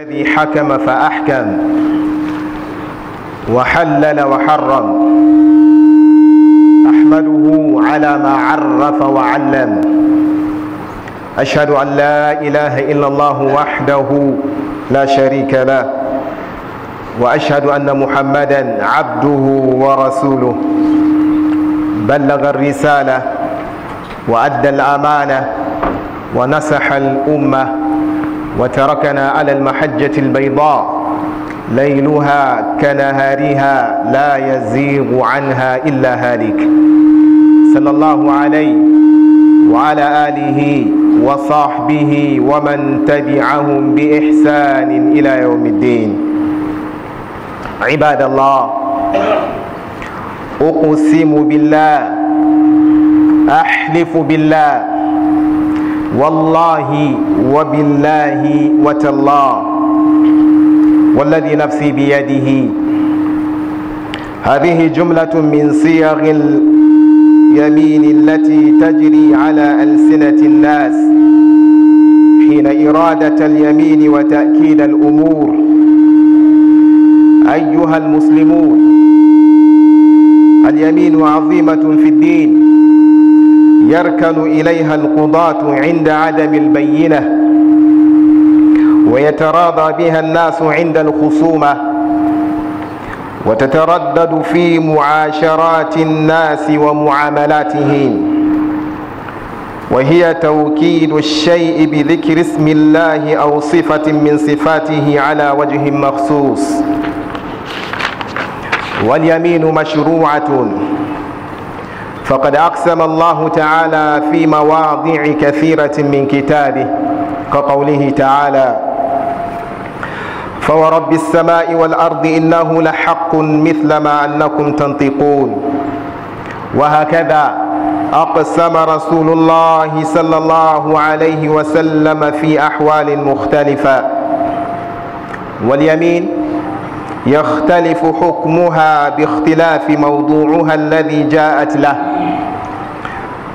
الذي حكم فأحكم وحلل وحرم أحمده على ما عرف وعلم أشهد أن لا إله إلا الله وحده لا شريك له وأشهد أن محمدا عبده ورسوله بلغ الرسالة وأدى الأمانة ونصح الأمة وتركنا على المحجة البيضاء ليلها كنهارها لا يزيغ عنها إلا هالك صلى الله عليه وعلى آله وصحبه ومن تبعهم بإحسان إلى يوم الدين عباد الله أقسم بالله أحلف بالله والله وبالله وتالله والذي نفسي بيده هذه جملة من صيغ اليمين التي تجري على ألسنة الناس حين إرادة اليمين وتأكيد الأمور أيها المسلمون اليمين عظيمة في الدين يركن إليها القضاة عند عدم البينة ويتراضى بها الناس عند الخصومة وتتردد في معاشرات الناس ومعاملاتهم وهي توكيد الشيء بذكر اسم الله أو صفة من صفاته على وجه مخصوص واليمين مشروعة فقد أقسم الله تعالى في مواضع كثيرة من كتابه كقوله تعالى فورب السماء والأرض إنه لحق مثل ما أنكم تنطقون وهكذا أقسم رسول الله صلى الله عليه وسلم في أحوال مختلفة واليمين يختلف حكمها باختلاف موضوعها الذي جاءت له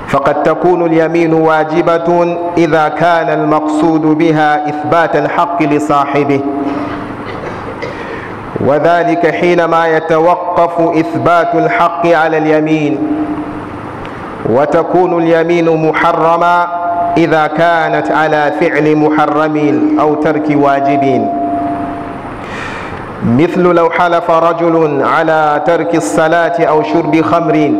فقد تكون اليمين واجبة إذا كان المقصود بها إثبات الحق لصاحبه وذلك حينما يتوقف إثبات الحق على اليمين وتكون اليمين محرمة إذا كانت على فعل محرمين أو ترك واجبين مثل لو حلف رجل على ترك الصلاة أو شرب خمر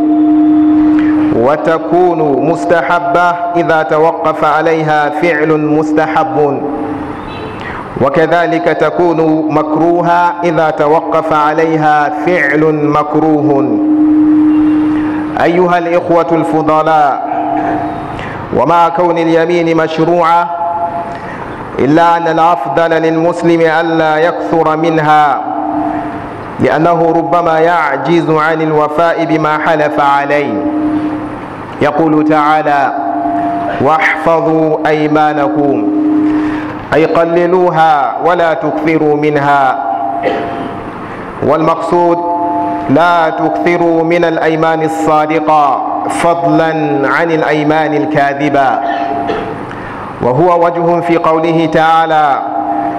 وتكون مستحبة إذا توقف عليها فعل مستحب وكذلك تكون مكروها إذا توقف عليها فعل مكروه أيها الإخوة الفضلاء ومع كون اليمين مشروعة إلا أن الأفضل للمسلم ألا يكثر منها لأنه ربما يعجز عن الوفاء بما حلف عليه يقول تعالى واحفظوا أيمانكم أي قللوها ولا تكثروا منها والمقصود لا تكثروا من الأيمان الصادقة فضلا عن الأيمان الكاذبة وهو وجه في قوله تعالى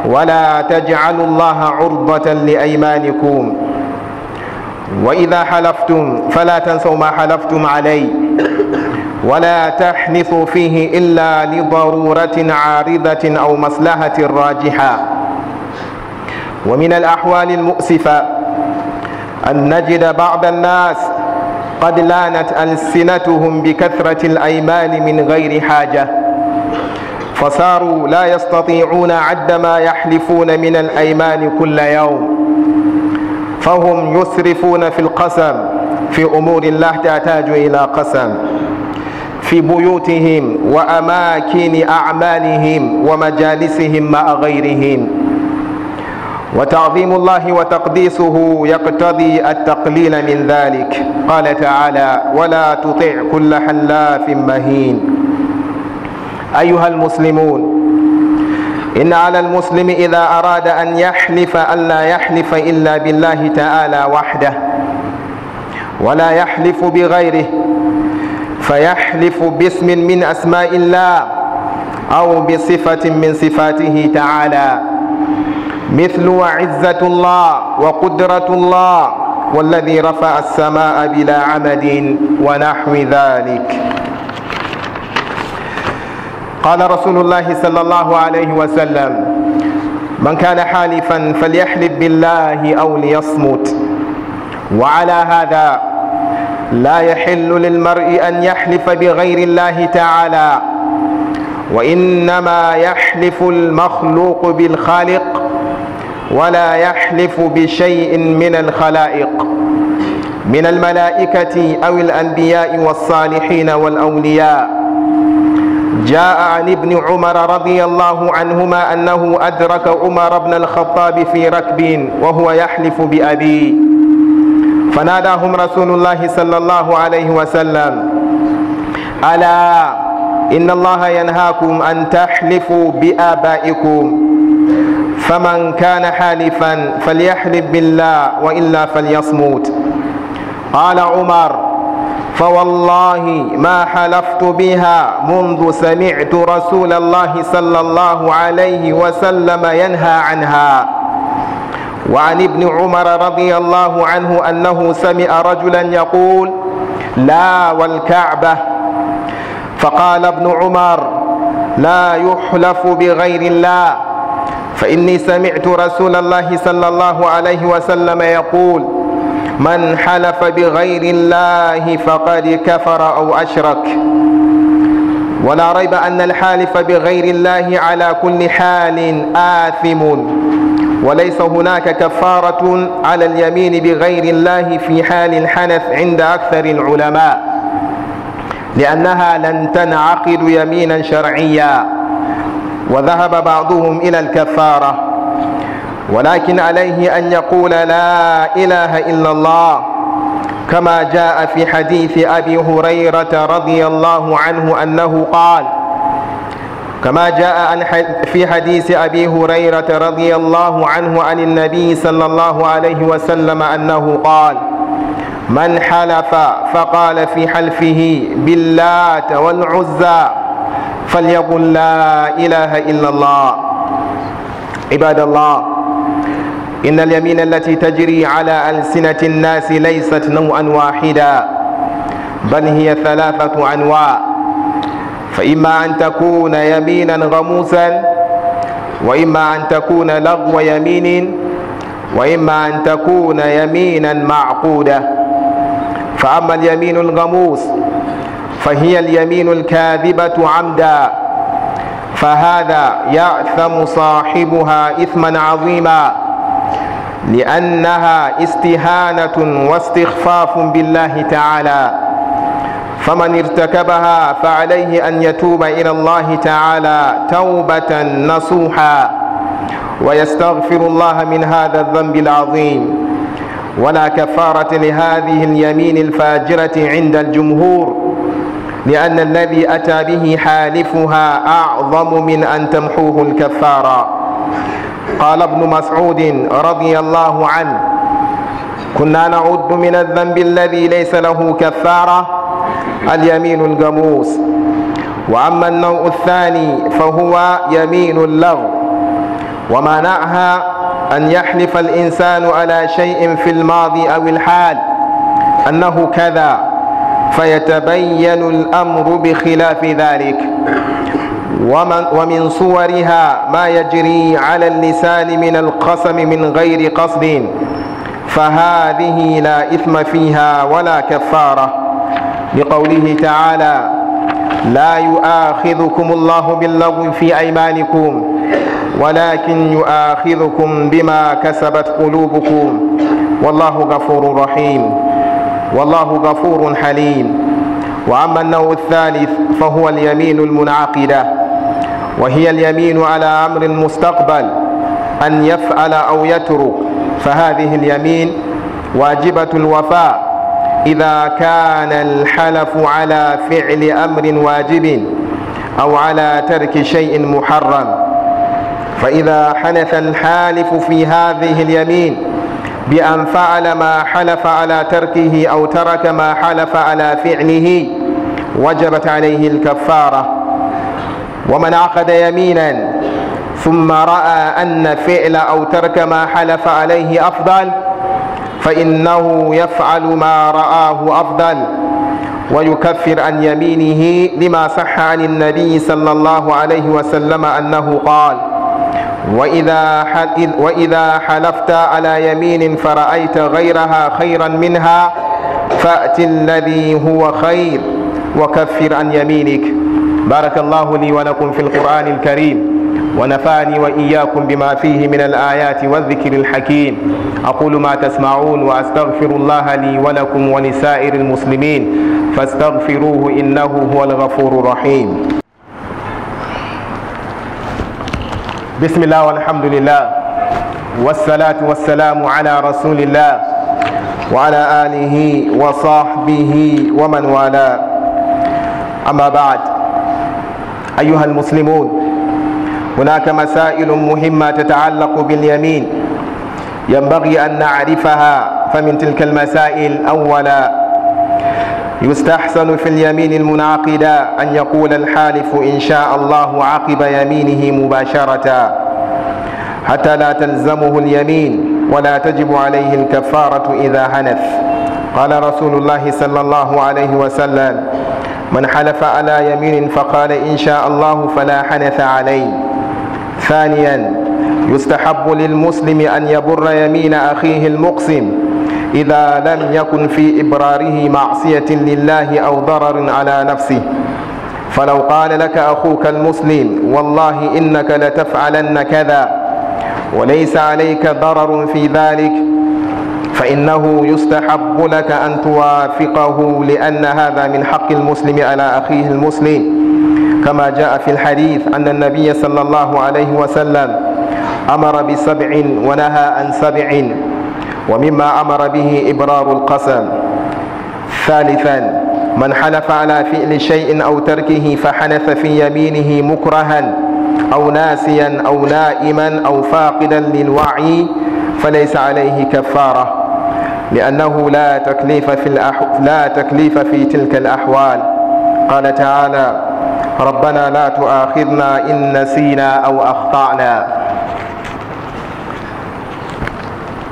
ولا تجعلوا الله عرضة لأيمانكم وإذا حلفتم فلا تنسوا ما حلفتم عليه ولا تحنثوا فيه إلا لضرورة عارضة أو مصلحة راجحة ومن الأحوال المؤسفة أن نجد بعض الناس قد لانت ألسنتهم بكثرة الأيمان من غير حاجة فصاروا لا يستطيعون عد ما يحلفون من الأيمان كل يوم فهم يسرفون في القسم في أمور لا تحتاج إلى قسم في بيوتهم وأماكن أعمالهم ومجالسهم مع غيرهم وتعظيم الله وتقديسه يقتضي التقليل من ذلك قال تعالى ولا تطع كل حلاف مهين أيها المسلمون إن على المسلم إذا أراد أن يحلف ألا يحلف إلا بالله تعالى وحده ولا يحلف بغيره فيحلف باسم من أسماء الله أو بصفة من صفاته تعالى مثل وعزة الله وقدرة الله والذي رفع السماء بلا عمد ونحو ذلك قال رسول الله صلى الله عليه وسلم من كان حالفا فليحلف بالله او ليصمت وعلى هذا لا يحل للمرء ان يحلف بغير الله تعالى وانما يحلف المخلوق بالخالق ولا يحلف بشيء من الخلائق من الملائكه او الانبياء والصالحين والاولياء جاء عن ابن عمر رضي الله عنهما أنه أدرك عمر بن الخطاب في ركب وهو يحلف بأبي فناداهم رسول الله صلى الله عليه وسلم ألا إن الله ينهاكم أن تحلفوا بآبائكم فمن كان حالفا فليحلف بالله وإلا فليصمت قال عمر فوالله ما حلفت بها منذ سمعت رسول الله صلى الله عليه وسلم ينهى عنها وعن ابن عمر رضي الله عنه أنه سمع رجلا يقول لا والكعبة فقال ابن عمر لا يحلف بغير الله فإني سمعت رسول الله صلى الله عليه وسلم يقول من حلف بغير الله فقد كفر أو أشرك ولا ريب أن الحالف بغير الله على كل حال آثم وليس هناك كفارة على اليمين بغير الله في حال الحنث عند أكثر العلماء لأنها لن تنعقد يمينا شرعيا وذهب بعضهم إلى الكفارة ولكن عليه أن يقول لا إله إلا الله كما جاء في حديث أبي هريرة رضي الله عنه أنه قال كما جاء في حديث أبي هريرة رضي الله عنه عن النبي صلى الله عليه وسلم أنه قال من حلف فقال في حلفه باللات والعزى فليقل لا إله إلا الله عباد الله إن اليمين التي تجري على ألسنة الناس ليست نوعا واحدا بل هي ثلاثة أنواع فإما أن تكون يمينا غموسا وإما أن تكون لغو يمين وإما أن تكون يمينا معقودة فأما اليمين الغموس فهي اليمين الكاذبة عمدا فهذا يأثم صاحبها إثما عظيما لأنها استهانة واستخفاف بالله تعالى فمن ارتكبها فعليه أن يتوب إلى الله تعالى توبة نصوحا ويستغفر الله من هذا الذنب العظيم ولا كفارة لهذه اليمين الفاجرة عند الجمهور لأن الذي أتى به حالفها أعظم من أن تمحوه الكفارة قال ابن مسعود رضي الله عنه كنا نعد من الذنب الذي ليس له كفارة اليمين الجموس وأما النوع الثاني فهو يمين اللغو ومنعها أن يحلف الإنسان على شيء في الماضي أو الحال أنه كذا فيتبين الأمر بخلاف ذلك ومن ومن صورها ما يجري على اللسان من القسم من غير قصد فهذه لا إثم فيها ولا كفارة لقوله تعالى لا يؤاخذكم الله باللغو في أيمانكم ولكن يؤاخذكم بما كسبت قلوبكم والله غفور رحيم والله غفور حليم وأما النوع الثالث فهو اليمين المنعقده وهي اليمين على أمر مستقبل أن يفعل أو يترك فهذه اليمين واجبة الوفاء إذا كان الحلف على فعل أمر واجب أو على ترك شيء محرم فإذا حنث الحالف في هذه اليمين بأن فعل ما حلف على تركه أو ترك ما حلف على فعله وجبت عليه الكفارة ومن عقد يمينا ثم رأى أن فعل أو ترك ما حلف عليه أفضل فإنه يفعل ما رآه أفضل ويكفر عن يمينه لما صح عن النبي صلى الله عليه وسلم أنه قال وإذا, وإذا حلفت على يمين فرأيت غيرها خيرا منها فأت الذي هو خير وكفر عن يمينك بارك الله لي ولكم في القرآن الكريم ونفعني وإياكم بما فيه من الآيات والذكر الحكيم أقول ما تسمعون وأستغفر الله لي ولكم ولسائر المسلمين فاستغفروه إنه هو الغفور الرحيم بسم الله والحمد لله والصلاة والسلام على رسول الله وعلى آله وصحبه ومن والاه أما بعد أيها المسلمون هناك مسائل مهمة تتعلق باليمين ينبغي أن نعرفها فمن تلك المسائل أولا يستحسن في اليمين المناقدة أن يقول الحالف إن شاء الله عقب يمينه مباشرة حتى لا تلزمه اليمين ولا تجب عليه الكفارة إذا هنف قال رسول الله صلى الله عليه وسلم من حلف على يمين فقال إن شاء الله فلا حنث عليه ثانيا يستحب للمسلم أن يبر يمين أخيه المقسم إذا لم يكن في إبراره معصية لله أو ضرر على نفسه فلو قال لك أخوك المسلم والله إنك لتفعلن كذا وليس عليك ضرر في ذلك فإنه يستحب لك أن توافقه لأن هذا من حق المسلم على أخيه المسلم كما جاء في الحديث أن النبي صلى الله عليه وسلم أمر بسبع ونهى عن سبع ومما أمر به إبرار القسم ثالثا من حلف على فعل شيء أو تركه فحنث في يمينه مكرها أو ناسيا أو نائما أو فاقدا للوعي فليس عليه كفاره لأنه لا تكليف في الأح... لا تكليف في تلك الأحوال قال تعالى ربنا لا تؤاخذنا إن نسينا أو أخطأنا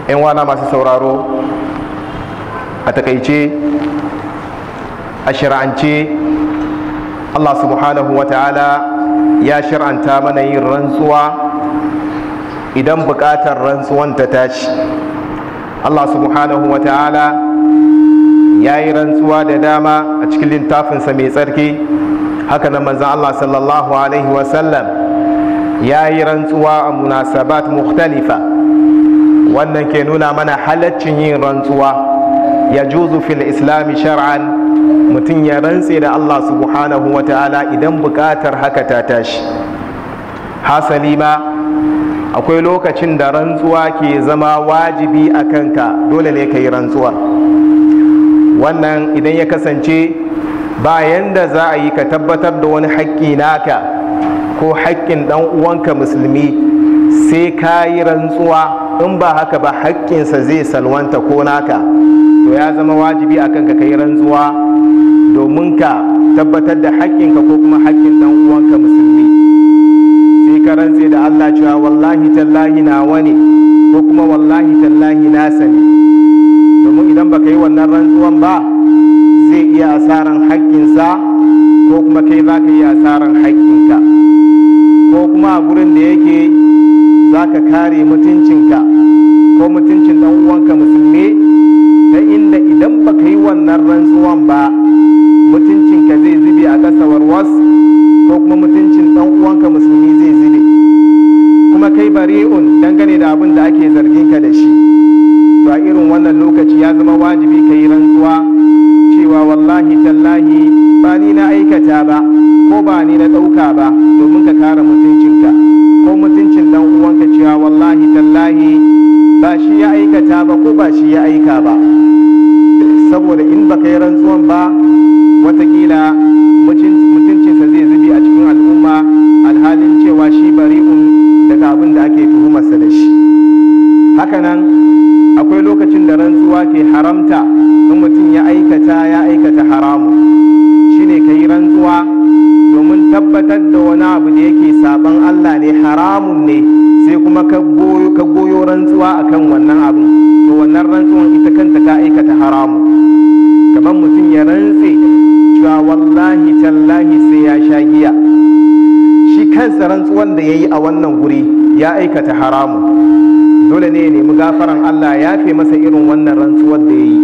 إن وانا ما سورارو أتكيتي أشرعنتي Allah subhanahu wa ta'ala ya shir'anta mana yin rantsuwa إذا buƙatar rantsuwan أنت tashi Allah subhanahu wa ta'ala ya yi rantsuwa da dama a cikin littafinsa mai tsarki haka na manzan Allah sallallahu alaihi wasallam ya yi rantsuwa a munasabat mukhtalifa wannan ke nuna mana halaccin yin rantsuwa ya juzu fil islami shar'an mutum ya rantse da Allah subhanahu wa ta'ala idan bukatar haka ta tashi hasali ma akwai lokacin da rantsuwa ke zama wajibi a kanka dole ne ka yi rantsuwar wannan idan ya kasance bayan da za a yi ka tabbatar da wani haƙƙi naka ko haƙƙin ɗan uwanka musulmi sai ka yi rantsuwa in ba haka ba haƙƙinsa zai salwanta ko naka to ya zama wajibi a kanka ka yi rantsuwa domin ka tabbatar da haƙƙinka ko kuma haƙƙin ɗan uwanka musulmi ka rantse da Allah cewa wallahi tallahi nawa ne ko kuma wallahi tallahi nasa ne domin idan baka yi wannan rantsuwan ba zai iya asaran haƙƙinsa ko kuma kai za ka yi asaran haƙƙinka ko kuma a gurin da yake za ka kare mutuncinka ko mutuncin ɗan uwanka musulmi ta inda idan baka yi wannan rantsuwan ba mutuncinka zai zube a ƙasa warwas ko kuma mutuncin ɗan uwanka musulmi bari'un dangane da abin da ake zargin ka da shi to a irin wannan lokaci ya zama wajibi ka yi rantsuwa cewa wallahi tallahi ba ni na aikata ba ko ba ni na ɗauka ba domin ka kare mutuncinka ko mutuncin dan uwanka cewa wallahi tallahi ba shi ya aikata ba ko ba shi ya aika ba saboda in baka yi rantsuwan ba watakila kasa da shi hakanan akwai lokacin da rantsuwa ke haramta in mutum ya aikata ya aikata haramu shine ka yi rantsuwa domin tabbatar da wani abu da yake saban Allah ne haramun ne sai kuma ka goyo rantsuwa akan wannan abu to wannan rantsuwan ita kanta ka aikata haramu kamar mutum ya rantse cewa wallahi tallahi sai ya sha giya shi kansa rantsuwan da ya yi a wannan guri ya aikata haramu dole ne ya nemi gafaran Allah ya fi masa irin wannan rantsuwar da ya yi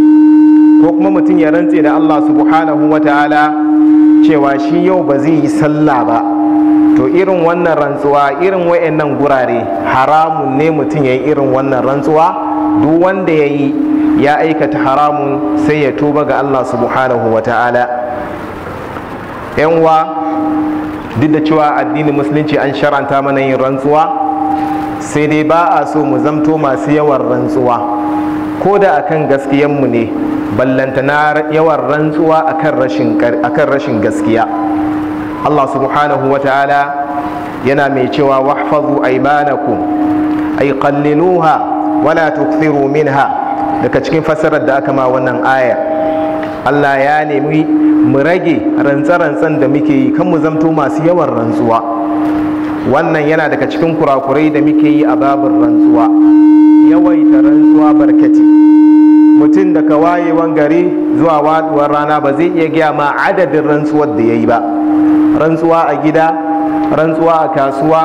ko kuma mutum ya rantse da Allah subhanahu wa ta'ala cewa shi yau ba zai yi sallah ba to irin wannan rantsuwa irin wayannan gurare haramun ne mutum ya yi irin wannan rantsuwa duk wanda ya yi ya aikata haramun sai ya tuba ga Allah subhanahu wa ta'ala 'yan uwa duk da cewa addinin musulunci an sharanta mana yin rantsuwa sai dai ba a so mu zamto masu yawan rantsuwa ko da akan gaskiyanmu ne ballanta na yawan rantsuwa akan rashin gaskiya Allah subhanahu wa ta'ala yana mai cewa wahfazu aimanakum ay qalliluha wala min ha, daga cikin fasarar da aka ma wannan ayar Allah ya nemi mu rage rantsarantsan da muke yi kan mu zamto masu yawan rantsuwa wannan yana daga cikin kurakurai da muke yi a babin rantsuwa yawaita rantsuwa barkati mutum daga wayewan gari zuwa waduwar rana ba zai iya gaya ma adadin rantsuwar da ya yi ba rantsuwa a gida rantsuwa a kasuwa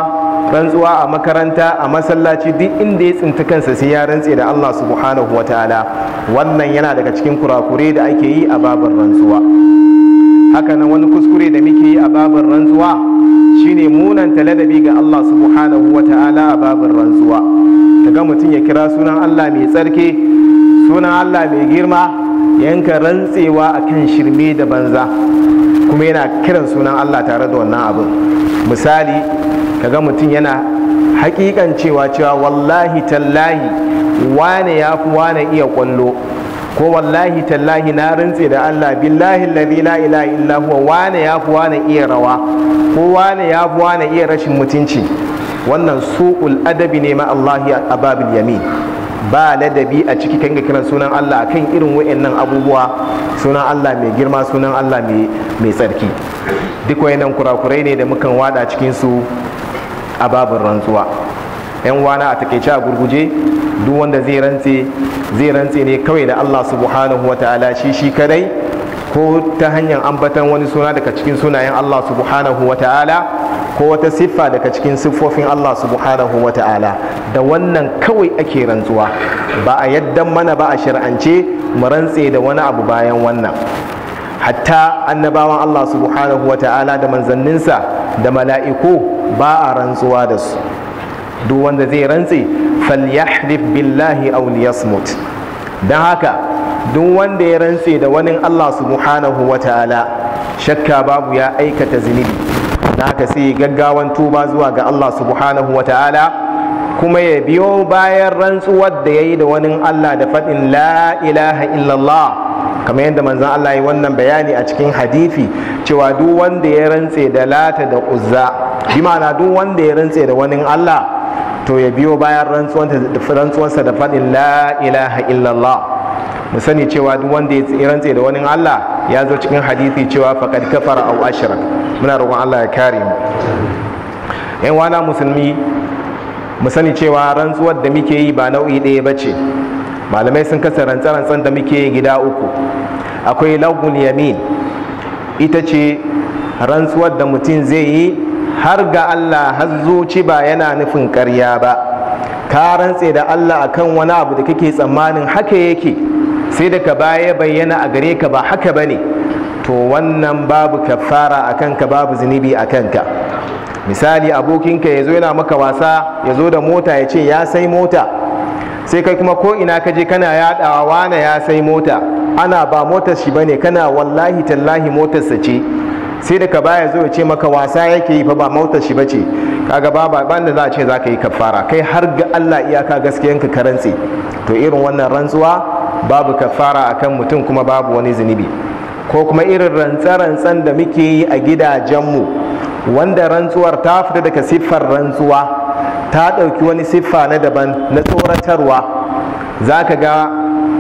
rantsuwa a makaranta a masallaci duk inda ya tsinta kansa sai ya rantse da Allah subhanahu wa ta'ala wannan yana daga cikin kurakurai da ake yi a babin rantsuwa hakanan wani kuskure da muke yi a babin rantsuwa shine munanta ladabi ga Allah subhanahu wa ta'ala a babin rantsuwa kaga mutum ya kira sunan Allah mai tsarki sunan Allah mai girma yanka rantsewa a kan shirme da banza kuma yana kiran sunan Allah tare da wannan abin misali kaga mutum yana hakikan cewa cewa wallahi tallahi wane ya fi wane iya kwallo ko wallahi tallahi na rantse da Allah billahi alladhi la ilaha illa huwa wane ya fi wane iya rawa ko wane ya fi wane iya rashin mutunci wannan su'ul adabi ne ma Allah a babu yamin ba ladabi a ciki kan kiran sunan Allah kan irin wayannan abubuwa sunan Allah mai girma sunan Allah mai tsarki duk wayannan kurakurai ne da mukan wada cikin su a rantsuwa yan wana a takeice a gurguje duk wanda zai rantse zai rantse ne kawai da Allah subhanahu wa ta'ala shi shi kadai ko ta hanyar ambatan wani suna daga cikin sunayen Allah subhanahu wa ta'ala ko wata siffa daga cikin siffofin Allah subhanahu wa ta'ala da wannan kawai ake rantsuwa ba a yadda mana ba a shir'ance mu rantse da wani abu bayan wannan hatta annabawan Allah subhanahu wa ta'ala da manzanninsa da mala'iku ba a rantsuwa da su duk wanda zai rantse falyahlif billahi aw liyasmut dan haka duk wanda ya rantse da wani Allah subhanahu wataala shakka babu ya aikata zunubi haka sai gaggawan tuba zuwa ga Allah subhanahu wataala kuma ya biyo bayan rantsuwar da yayi da wani Allah da faɗin la ilaha illallah kamar yadda manzon Allah ya wannan bayani a cikin hadisi cewa duk wanda ya rantse da lata da uzza bi ma'ana duk wanda ya rantse da wani Allah to ya biyo bayan rantsuwansa da faɗin la ilaha illallah mu sani cewa duk wanda ya rantse da wani Allah ya zo cikin hadisi cewa faqad kafara aw ashrak muna roƙon Allah ya kare mu yan wana musulmi mu sani cewa rantsuwar da muke yi ba nau'i ɗaya ba ce. malamai sun kasa rantsar rantsar da muke yi gida uku akwai lagun yamin ita ce rantsuwar da mutum zai yi har ga Allah har zuci ba yana nufin karya ba ka rantse da Allah akan wani abu da kake tsammanin haka yake sai daga baya bayyana a gare ka ba haka bane to wannan babu kafara a kanka babu zunubi a kanka misali abokinka ya zo yana maka wasa yazo da mota ya ce ya sai mota sai kai kuma ko ina ka kana yadawa wane ya sai mota ana ba motar shi bane kana wallahi tallahi motarsa ce sai da ka baya zo ya ce maka wasa yake yi fa ba mautar shi bace kaga ba ba banda za a ce zaka yi kafara kai har ga Allah iyaka gaskiyar ka rantse to irin wannan rantsuwa babu kafara akan mutum kuma babu wani zunubi ko kuma irin rantsa-rantsan da muke yi a gidajen mu, wanda rantsuwar ta fita daga siffar rantsuwa ta ɗauki wani siffa na daban na tsoratarwa za ka ga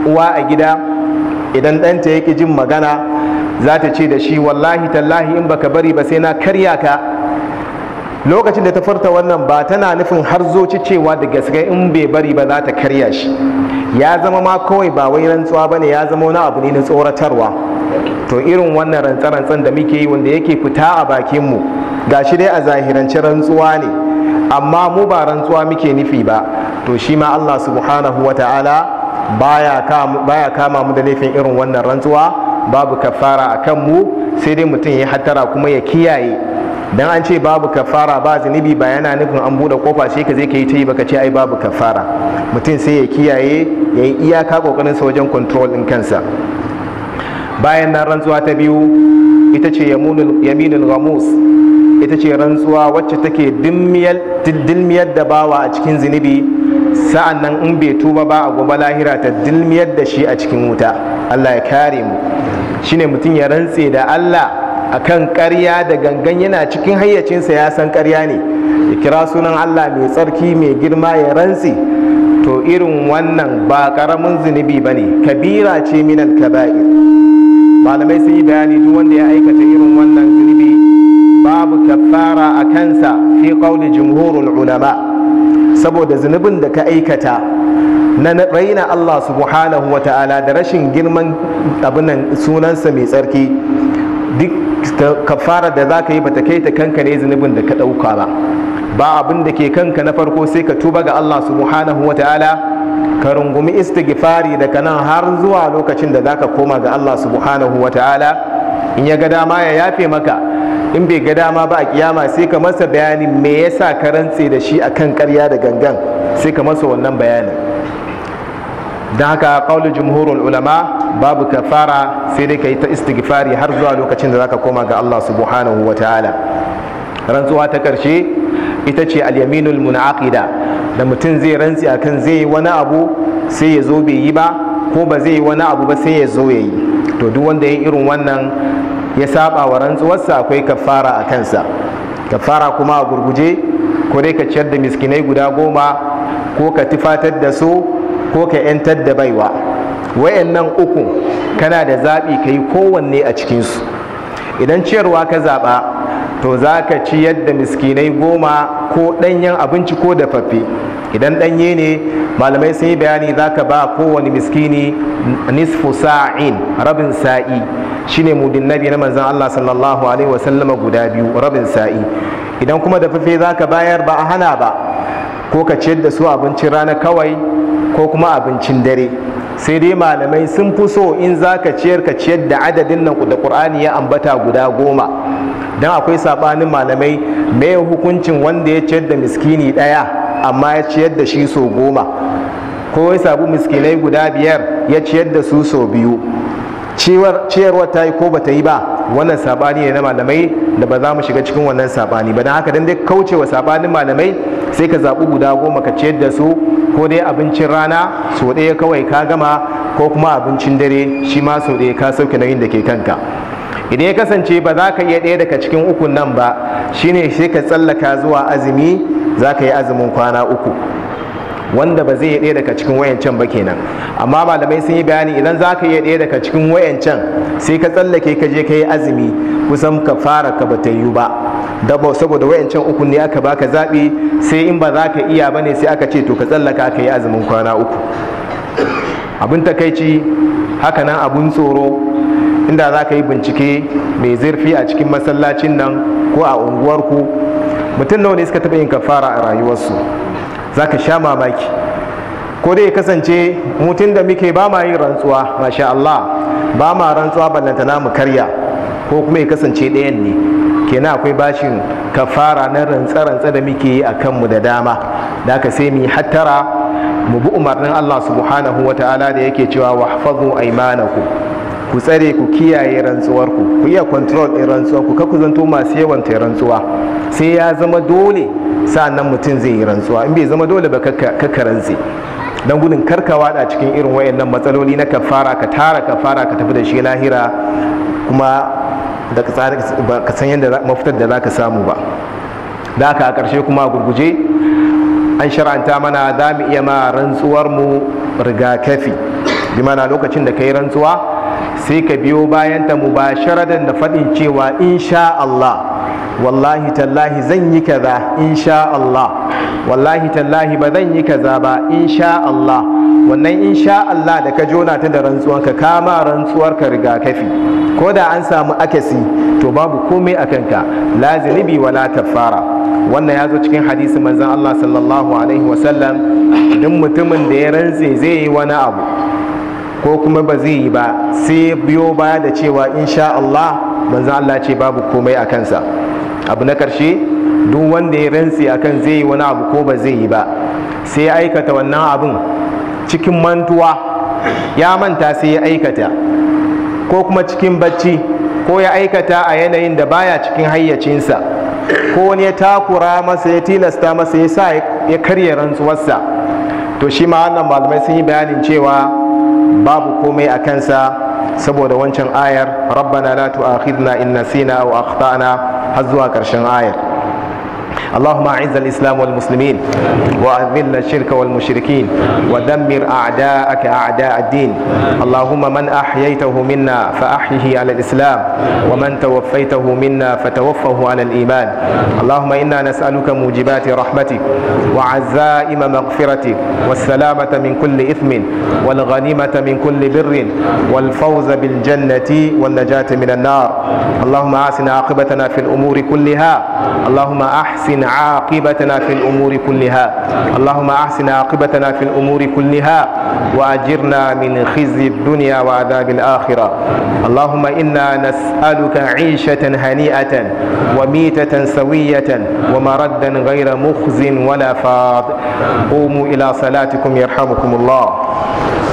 uwa a gida idan ɗanta yake jin magana za ta ce da shi wallahi tallahi in baka bari ba sai na karya ka lokacin da ta furta wannan ba tana nufin har zoci cewa da gaske in bai bari ba za ta karya shi ya zama ma kawai ba wai rantsuwa ba ne ya zama wani abu ne na tsoratarwa to irin wannan rantsarantsan rantsan da muke yi wanda yake fita a bakin bakinmu gashi dai a zahirance rantsuwa ne amma mu ba rantsuwa muke nufi ba to shi ma Allah subhanahu wa ta'ala baya kama mu da laifin irin wannan rantsuwa babu kafara a kan mu sai dai mutum ya hattara kuma ya kiyaye dan an ce babu kafara ba zunubi ba yana nufin an bude kofa sai ka zai ka yi ta yi baka ce ai babu kafara mutum sai ya kiyaye ya yi iyaka kokarin sa wajen control din kansa bayan nan rantsuwa ta biyu ita ce yaminul ghamus ita ce rantsuwa wacce take dilmiyar da bawa a cikin zunubi sa'an nan in bai tuba ba a gobe lahira ta dilmiyar da shi a cikin wuta allah ya kare mu shine mutum ya rantse da Allah akan karya da gangan yana cikin hayyacinsa ya san ƙarya ne ya kira sunan Allah mai tsarki mai girma ya rantse to irin wannan ba ƙaramin zunubi ba ne kabira ce minal kaba'ir malamai sun yi bayani duk wanda ya aikata irin wannan zunubi babu kafara a kansa fi ƙauli jumhurul ulama saboda zunubin da ka aikata na raina Allah subhanahu wa ta'ala da rashin girman abinan sunansa mai tsarki duk kafara da za ka yi bata kai ta kanka ne zunubin da ka ɗauka ba ba abin da ke kanka na farko sai ka tuba ga Allah subhanahu wa ta'ala ka rungumi istighfari daga nan har zuwa lokacin da za ka koma ga Allah subhanahu wa ta'ala in ya ga dama ya yafe maka in bai ga dama ba a kiyama sai ka masa bayanin me yasa ka rantse da shi akan karya da gangan sai ka masa wannan bayanin da haka ƙaunar jumhurul ulama babu kafara sai dai ka yi ta istighfari har zuwa lokacin da za ka koma ga Allah subhanahu wa ta'ala rantsuwa ta karshe ita ce al-yaminul munaqida da mutum zai rantsi akan zai yi wani abu sai ya zo bai yi ba ko ba zai yi wani abu ba sai ya zo ya yi to duk wanda ya yi irin wannan ya saba wa rantsuwarsa akwai kafara a kansa kafara kuma a gurguje ko dai ka ciyar da miskinai guda goma ko ka tufatar da su ko ka yantar da baiwa wayannan uku kana da zaɓi ka yi kowanne a cikinsu idan ciyarwa ka zaɓa to za ka ci yadda miskinai goma ko ɗanyen abinci ko dafaffe idan ɗanye ne malamai sun yi bayani za ka ba kowane miskini nisfu sa'in rabin sa'i shine mudin nabi na manzan Allah sallallahu alaihi wasallama guda biyu rabin sa'i idan kuma dafaffe za ka bayar ba a hana ba ko ka ciyar da su abincin rana kawai ko kuma abincin dare sai dai malamai sun fi so in za ka ciyar ka ciyar da adadin nan da ƙur'ani ya ambata guda goma don akwai saɓanin malamai mai hukuncin wanda ya ciyar da miskini ɗaya amma ya ciyar da shi so goma ko ya sabu miskinai guda biyar ya ciyar da su so biyu ciyarwa ta yi ko ba ta yi ba wannan sabani ne na malamai da ba za mu shiga cikin wannan sabani ba don haka dan dai kaucewa sabanin malamai sai ka zaɓi guda goma ka ciyar da su ko dai abincin rana so ɗaya kawai ka gama ko kuma abincin dare shi ma so ɗaya ka sauke nauyin da ke kanka idan ya kasance ba za ka iya ɗaya daga cikin ukun nan ba shine sai ka tsallaka zuwa azumi za ka yi azumin kwana uku wanda ba zai ɗaya daga cikin wayancan ba kenan amma malamai sun yi bayani idan za ka iya ɗaya daga cikin wayancan sai ka tsallake ka je ka yi azumi kusan ka fara ka bata yiwu ba dabo saboda wayancan uku ne aka baka zaɓi sai in ba za ka iya ba ne sai aka ce to ka tsallaka ka yi azumin kwana uku abin takaici hakanan nan abin tsoro inda za ka yi bincike mai zurfi a cikin masallacin nan ko a unguwarku mutum nawa ne suka taɓa yin kafara a rayuwarsu za ka sha mamaki ko dai kasance mutum da muke ba ma yin rantsuwa masha Allah ba ma rantsuwa ballantana mu karya ko kuma ya kasance ɗayan ne kenan akwai bashin kafara na rantsa-rantsa da muke yi a kanmu da dama da aka sai mu yi hattara mu bi umarnin Allah subhanahu wa ta'ala da yake cewa wa a imanaku. ku tsare ku kiyaye rantsuwarku ku iya control ɗin rantsuwarku ka ku zanto masu yawan rantsuwa sai ya zama dole sa'annan mutum zai yi rantsuwa in bai zama dole ba kakka rantse don gudun karkawa da cikin irin wayannan matsaloli na kafara ka tara kafara ka tafi da shi lahira kuma da ka san yadda mafitar da za ka samu ba da aka a ƙarshe kuma a gurguje an shara'anta mana za mu iya ma rantsuwar mu rigakafi bi mana lokacin da ka yi rantsuwa sai ka biyo bayan ta mu ba da faɗin cewa insha Allah wallahi tallahi zan yi kaza insha Allah wallahi tallahi ba zan yi kaza ba insha Allah wannan insha Allah da ka jona ta da rantsuwar ka kama rantsuwar ka riga kafi, ko da an samu akasi to babu komai a kanka la zunubi wala kafara wannan ya zo cikin hadisi manzon Allah sallallahu alaihi wasallam duk mutumin da ya rantse zai yi wani abu ko kuma ba zai yi ba sai biyo baya da cewa insha Allah manzon Allah ce babu komai a kansa abu na ƙarshe duk wanda ya rantse akan zai yi wani abu ko ba zai yi ba sai ya aikata wannan abin cikin mantuwa ya manta sai ya aikata ko kuma cikin bacci ko ya aikata a yanayin da baya cikin hayyacinsa ko wani ya takura masa ya tilasta masa ya sa ya karya rantsuwarsa to shi ma wannan malamai sun yi bayanin cewa babu komai a kansa saboda wancan ayar rabbana la tu'akhidna in nasina aw akhtana har zuwa ƙarshen ayar اللهم أعز الإسلام والمسلمين وأذل الشرك والمشركين ودمر أعداءك أعداء الدين اللهم من أحييته منا فأحيه على الإسلام ومن توفيته منا فتوفه على الإيمان اللهم إنا نسألك موجبات رحمتك وعزائم مغفرتك والسلامة من كل إثم والغنيمة من كل بر والفوز بالجنة والنجاة من النار اللهم أعسنا عاقبتنا في الأمور كلها اللهم أحسن أحسن عاقبتنا في الأمور كلها اللهم أحسن عاقبتنا في الأمور كلها وأجرنا من خزي الدنيا وعذاب الآخرة اللهم إنا نسألك عيشة هنيئة وميتة سوية ومردا غير مخز ولا فاض قوموا إلى صلاتكم يرحمكم الله